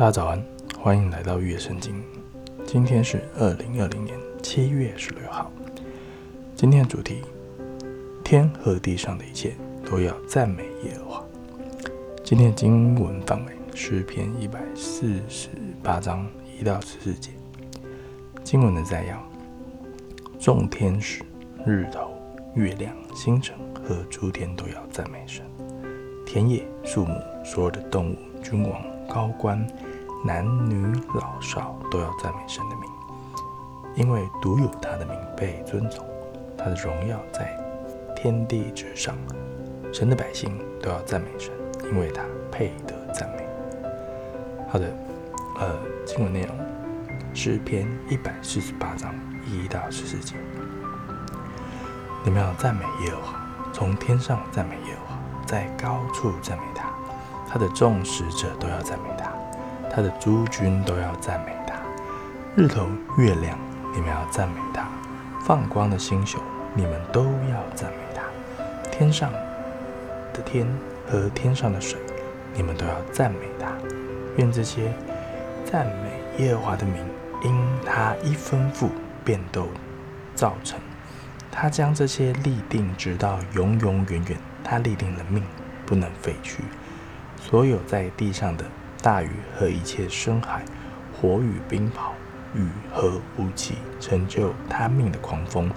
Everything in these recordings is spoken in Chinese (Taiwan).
大家早安，歡迎來到《樂聖經》。今天是二零二零年七月十六號。今天的主題：天和地上的一切都要讚美耶和華。今天的經文範圍：詩篇一百四十八章一到十四節。經文的摘要：眾天使、日頭、月亮、星辰和諸天都要讚美神。田野、樹木、所有的動物、君王、高官。男女老少都要讚美神的名，因為獨有他的名被尊崇，他的榮耀在天地之上。神的百姓都要讚美神，因為他配得讚美。好的，呃，今晚內容詩篇一百四十八章一到十四節，你們要讚美耶和華，從天上讚美耶和華，在高處讚美他，他的眾使者都要讚美他。他的諸軍都要讚美他，日頭、月亮，你們要讚美他；放光的星宿，你們都要讚美他；天上的天和天上的水，你們都要讚美他。願這些讚美耶和華的名，因他一吩咐便都造成。他將這些立定，直到永永遠遠。他立定了命，不能廢去。所有在地上的，大魚和一切深海，火與冰雹，雨和霧氣，成就他命的狂風，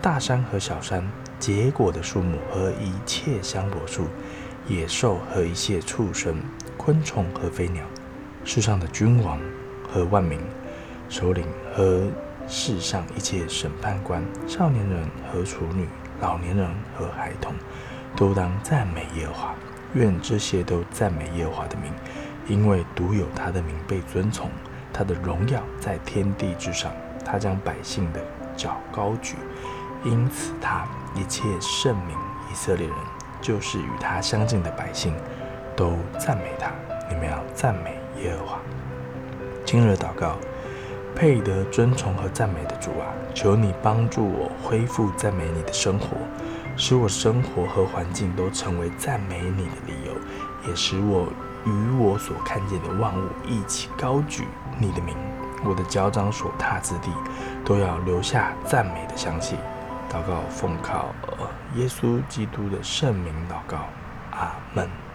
大山和小山，結果的樹木和一切香柏樹，野獸和一切畜生，昆蟲和飛鳥，世上的君王和萬民，首領和世上一切審判官，少年人和處女，老年人和孩童，都當讚美耶和華。願這些都讚美耶和華的名。因為獨有他的名被尊崇，他的榮耀在天地之上，他將百姓的角高舉，因此他一切聖民以色列人，就是與他相近的百姓，都讚美他。你們要讚美耶和華。今日禱告，配得尊崇和讚美的主啊，求你幫助我恢復讚美你的生活，使我生活和環境都成為讚美你的理由，也使我。與我所看見的萬物一起高舉你的名，我的腳掌所踏之地都要留下讚美的香氣。禱告奉靠耶穌基督的聖名禱告，阿門。